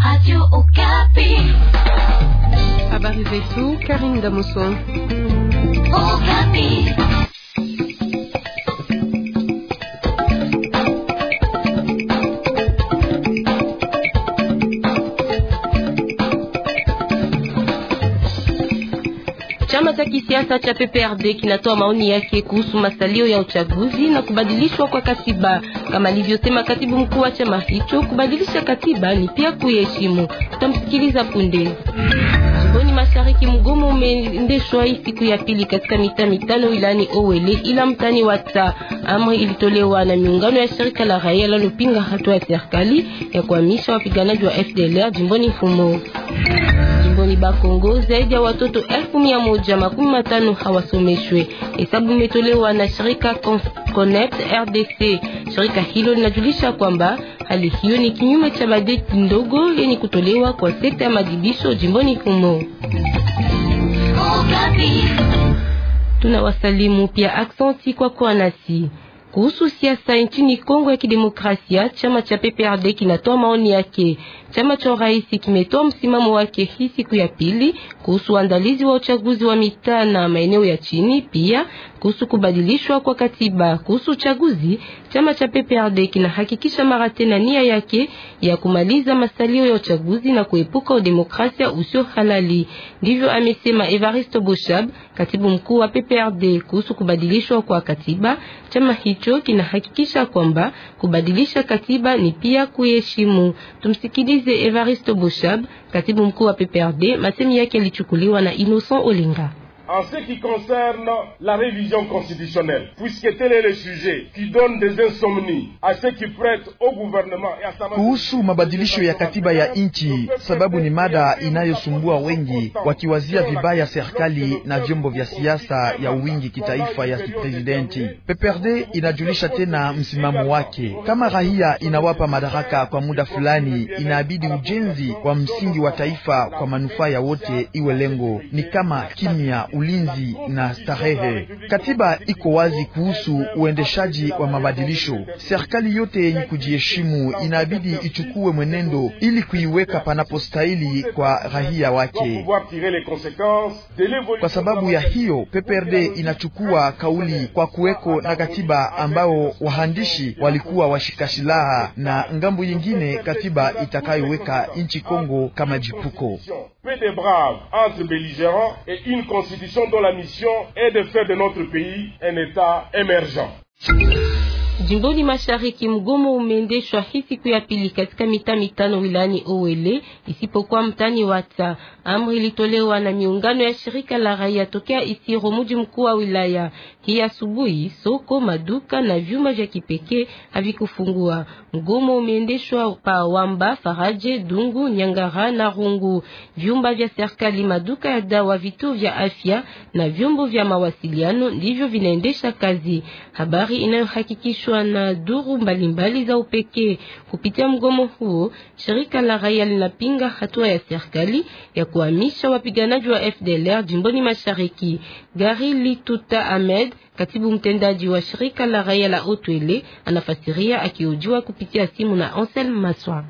Radio Okapi. Habari zetu, Karim Damoso. Okapi. Chama cha kisiasa cha PPRD kinatoa maoni yake kuhusu masalio ya uchaguzi na kubadilishwa kwa katiba. Kama alivyosema katibu mkuu wa chama hicho, kubadilisha katiba ni pia kuheshimu. Tutamsikiliza punde. Jimboni mashariki, mgomo umeendeshwa hii siku ya pili katika mitaa mitano wilayani Owele, ila mtani wa Tsa. Amri ilitolewa na miungano ya shirika la raia linalopinga hatua ya serikali ya kuhamisha wapiganaji wa FDLR jimboni Fumo. Bakongo zaidi ya watoto elfu mia moja makumi matano hawasomeshwe. Hesabu imetolewa na shirika Connect RDC. Shirika hilo linajulisha kwamba hali hiyo ni kinyume cha bajeti ndogo yenye kutolewa kwa sekta ya madibisho jimboni humo. Tunawasalimu pia aksenti kwa kuwa nasi kuhusu siasa nchini Kongo ya Kidemokrasia, chama cha PPRD kinatoa maoni yake. Chama cha rais kimetoa msimamo wake hii siku ya pili kuhusu uandalizi wa uchaguzi wa mitaa na maeneo ya chini, pia kuhusu kubadilishwa kwa katiba. Kuhusu uchaguzi, chama cha PPRD kinahakikisha mara tena nia yake ya kumaliza masalio ya uchaguzi na kuepuka udemokrasia usio halali. Ndivyo amesema Evaristo Boshab, katibu mkuu wa PPRD, kuhusu kubadilishwa kwa katiba chama hiki ambacho kinahakikisha kwamba kubadilisha katiba ni pia kuheshimu. Tumsikilize Evaristo Boshab, katibu mkuu wa PPRD, masemi yake yalichukuliwa na Innocent Olinga en ce qui concerne la révision constitutionnelle, puisque tel est le sujet qui donne des insomnies à ceux qui prêtent au gouvernement et à sa kuhusu mabadilisho ya katiba ya nchi, sababu ni mada inayosumbua wengi, wakiwazia vibaya serikali na vyombo vya siasa ya uwingi kitaifa ya kipresidenti. PPRD inajulisha tena msimamo wake. Kama raia inawapa madaraka kwa muda fulani, inaabidi ujenzi wa msingi wa taifa kwa manufaa ya wote iwe lengo, ni kama kimya ulinzi na starehe. Katiba iko wazi kuhusu uendeshaji wa mabadilisho. Serikali yote yenye kujiheshimu inabidi ichukue mwenendo ili kuiweka panapostahili kwa rahia wake. Kwa sababu ya hiyo, PPRD inachukua kauli kwa kuweko na katiba ambao wahandishi walikuwa washikashilaha na ngambo yingine, katiba itakayoweka nchi Kongo kama jipuko. dont la mission est de faire de notre pays un État émergent. Jimboni mashariki mgomo umeendeshwa hii siku ya pili katika mita mitano wilani Owele isipokuwa mtani Wata. Amri ilitolewa na miungano ya shirika la raia tokea Isiro, mji mkuu wa wilaya. Hii asubuhi soko, maduka na vyumba vya kipekee havikufungua. Mgomo umeendeshwa pa Wamba, Faraje, Dungu, Nyangara na Rungu. Vyumba vya serikali, maduka ya dawa, vituo vya afya na vyombo vya mawasiliano ndivyo vinaendesha kazi. Habari inayohakikishwa kuhusishwa na duru mbalimbali za upekee. Kupitia mgomo huo, shirika la raia linapinga hatua ya serikali ya kuhamisha wapiganaji wa FDLR jimboni mashariki. Gari Lituta Ahmed, katibu mtendaji wa shirika la raia la Otwele, anafasiria akihojiwa kupitia simu na Ansel Maswa.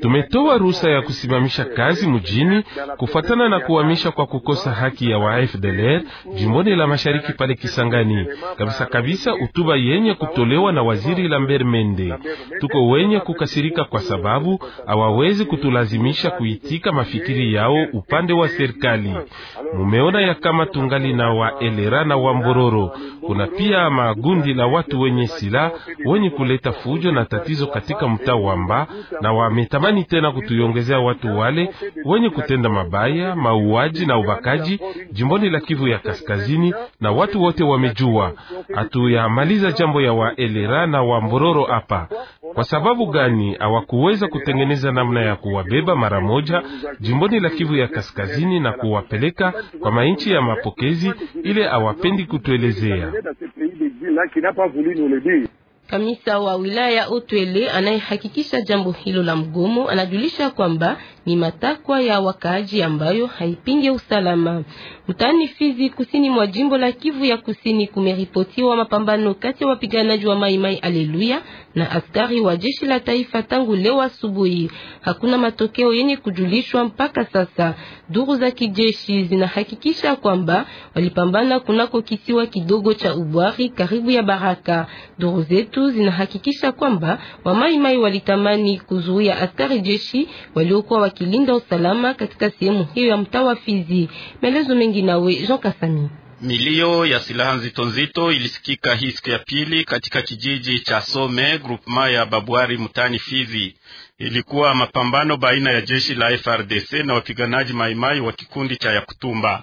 Tumetoa ruhusa ya kusimamisha kazi mjini kufuatana na kuhamisha kwa kukosa haki ya wa FDLR jimboni la mashariki pale Kisangani. Kabisa kabisa, utuba yenye kutolewa na waziri Lambert Mende. Tuko wenye kukasirika kwa sababu hawawezi kutulazimisha kuitika mafikiri yao upande wa serikali. Mumeona ya kama tungali na waelera na mbororo, Kuna pia magundi la watu wenye silaha wenye wametamani kuleta fujo na tatizo katika mtaa wamba, na wametamani tena kutuyongezea watu wale wenye kutenda mabaya, mauaji na ubakaji jimboni la Kivu ya Kaskazini, na watu wote wamejua hatuyamaliza jambo ya waelera na wambororo hapa. Kwa sababu gani hawakuweza kutengeneza namna ya kuwabeba mara moja jimboni la Kivu ya Kaskazini na kuwapeleka kwa mainchi ya mapokezi? Ile hawapendi kutuelezea. Kamisa wa wilaya ya Otwele anayehakikisha jambo hilo la mgomo anajulisha kwamba ni matakwa ya wakaaji ambayo haipinge usalama. Mtani Fizi, kusini mwa jimbo la Kivu ya Kusini, kumeripotiwa mapambano kati ya wapiganaji wa Maimai Aleluya na askari wa jeshi la taifa tangu leo asubuhi. Hakuna matokeo yenye kujulishwa mpaka sasa. Duru za kijeshi zinahakikisha kwamba walipambana kunako kisiwa kidogo cha Ubwari karibu ya Baraka. Duru zetu zinahakikisha kwamba wa wamaimai walitamani kuzuia askari jeshi waliokuwa wakilinda usalama katika sehemu hiyo ya mtaa wa Fizi. Maelezo mengi nawe Jean Kasami. Milio ya silaha nzito nzito ilisikika hii siku ya pili katika kijiji cha Some groupema ya Babwari mtani Fizi. Ilikuwa mapambano baina ya jeshi la FRDC na wapiganaji maimai wa kikundi cha Yakutumba.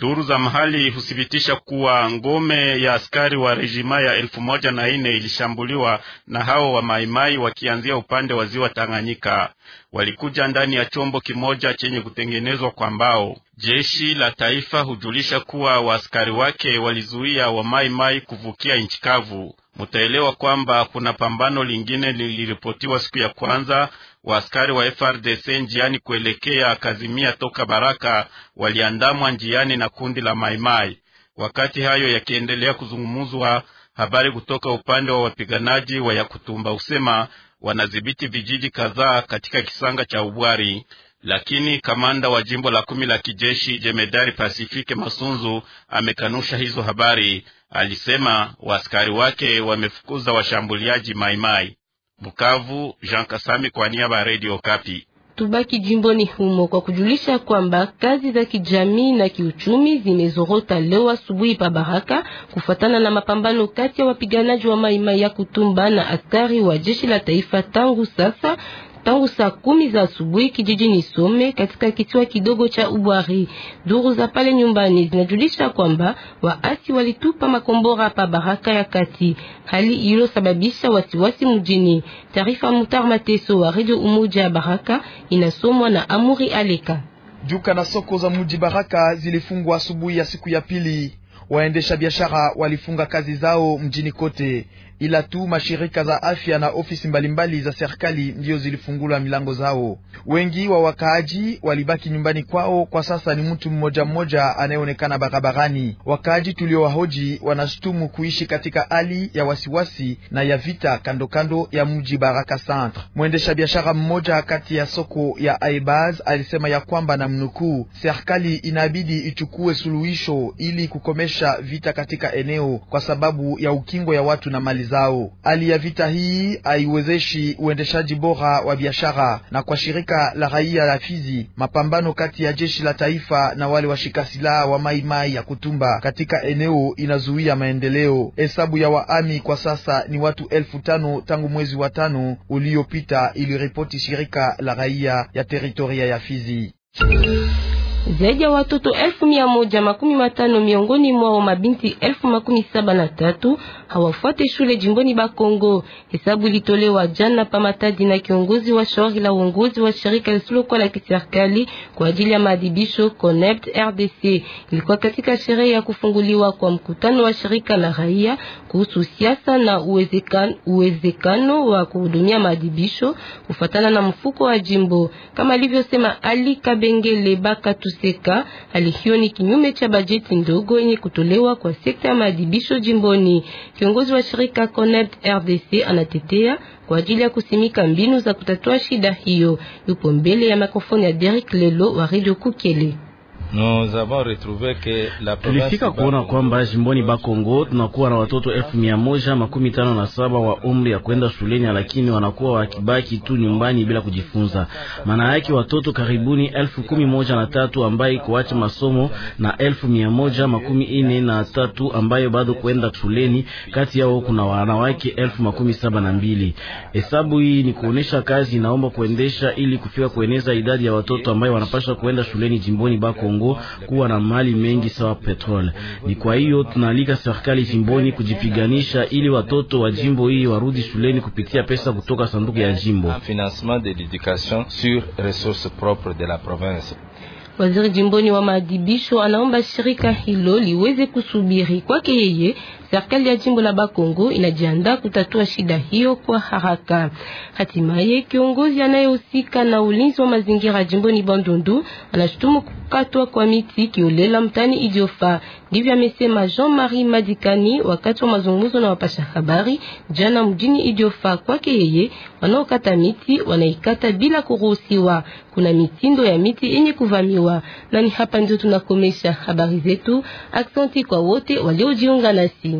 Duru za mahali husibitisha kuwa ngome ya askari wa rejima ya elfu moja na nne ilishambuliwa na hao wa Maimai wakianzia upande wa ziwa Tanganyika. Walikuja ndani ya chombo kimoja chenye kutengenezwa kwa mbao. Jeshi la taifa hujulisha kuwa waaskari wake walizuia wa Maimai kuvukia nchi kavu. Mutaelewa kwamba kuna pambano lingine liliripotiwa siku ya kwanza askari wa FRDC njiani kuelekea Kazimia toka Baraka waliandamwa njiani na kundi la Maimai. Wakati hayo yakiendelea kuzungumuzwa, habari kutoka upande wa wapiganaji wa Yakutumba usema wanadhibiti vijiji kadhaa katika kisanga cha Ubwari lakini kamanda wa jimbo la kumi la kijeshi jemedari Pasifike Masunzu amekanusha hizo habari. Alisema waaskari wake wamefukuza washambuliaji maimai. Bukavu, Jean Kasami kwa niaba ya Radio Kapi. Tubaki jimboni humo kwa kujulisha kwamba kazi za kijamii na kiuchumi zimezorota leo asubuhi pa Baraka kufuatana na mapambano kati ya wapiganaji wa maimai ya kutumba na askari wa jeshi la taifa tangu sasa tangu saa kumi za asubuhi kijijini Some katika kituo kidogo cha Ubwari. Duru za pale nyumbani zinajulisha kwamba waasi walitupa makombora pa Baraka ya Kati, hali iliyosababisha wasiwasi mjini. Taarifa Mutar Mateso wa Radio Umoja ya Baraka inasomwa na Amuri Aleka. Duka na soko za mji Baraka zilifungwa asubuhi ya siku ya pili. Waendesha biashara walifunga kazi zao mjini kote ila tu mashirika za afya na ofisi mbalimbali za serikali ndiyo zilifungula milango zao. Wengi wa wakaaji walibaki nyumbani kwao. Kwa sasa ni mtu mmoja mmoja anayeonekana barabarani. Wakaaji tuliowahoji wanashutumu kuishi katika hali ya wasiwasi na ya vita kando kando ya mji Baraka Centre. Mwendesha biashara mmoja kati ya soko ya Aibaz alisema ya kwamba na mnukuu, serikali inabidi ichukue suluhisho ili kukomesha vita katika eneo kwa sababu ya ukingo ya watu na mali zao. Hali ya vita hii haiwezeshi uendeshaji bora wa biashara, na kwa shirika la raia la Fizi, mapambano kati ya jeshi la taifa na wale washika silaha wa maimai ya kutumba katika eneo inazuia maendeleo. Hesabu ya waami kwa sasa ni watu elfu tano tangu mwezi wa tano uliopita, iliripoti shirika la raia ya teritoria ya Fizi zaidi ya watoto elfu mia moja makumi matano miongoni mwao mabinti elfu makumi saba na tatu hawafuate shule jimboni Bakongo. Hesabu ilitolewa jana pamatadi na kiongozi wa shauri la uongozi wa shirika lisilokuwa la kiserikali kwa ajili ya maadhibisho Connect RDC. Ilikuwa katika sherehe ya kufunguliwa kwa mkutano wa shirika la raia kuhusu siasa na uwezekano, uwezekano wa kuhudumia maadhibisho kufuatana na mfuko wa jimbo, kama alivyosema Ali Kabengele Bakatu kuteseka. seka. Hali hiyo ni kinyume cha bajeti ndogo yenye kutolewa kwa sekta ya maadhibisho jimboni. Kiongozi wa shirika Connect RDC anatetea kwa ajili ya kusimika mbinu za kutatua shida hiyo. Yupo mbele ya mikrofoni ya Derek Lelo wa Radio Kukele. Tulifika kuona kwamba jimboni Bakongo tunakuwa na watoto elfu mia moja makumi tano na saba wa umri ya kwenda shuleni, lakini wanakuwa wakibaki tu nyumbani bila kujifunza. Maana yake watoto karibuni elfu kumi moja na tatu ambaye kuacha masomo na elfu mia moja makumi ine na tatu ambayo bado kwenda shuleni. Kati yao kuna wanawake elfu makumi saba na mbili. Hesabu hii ni kuonesha kazi inaomba kuendesha ili kufika kueneza idadi ya watoto ambayo wanapasha kuenda shuleni jimboni Bakongo. Kongo kuwa na mali mengi sawa petrol. Ni kwa hiyo tunaalika serikali jimboni kujipiganisha ili watoto wa jimbo hii warudi shuleni kupitia pesa kutoka sanduku ya jimbo. Waziri jimboni wa maadibisho anaomba shirika hilo liweze kusubiri kwake yeye Serikali ya jimbo la Bakongo inajiandaa kutatua shida hiyo kwa haraka. Hatimaye, kiongozi anayehusika na ulinzi wa mazingira jimboni Bandundu anashutumu kukatwa kwa miti kiolela mtani Idiofa. Ndivyo amesema Jean-Marie Madikani wakati wa mazungumzo na wapasha habari jana mjini Idiofa. Kwake yeye, wanaokata miti wanaikata bila kuruhusiwa. Kuna mitindo ya miti yenye kuvamiwa. Na ni hapa ndio tunakomesha habari zetu. Aksanti kwa wote waliojiunga nasi.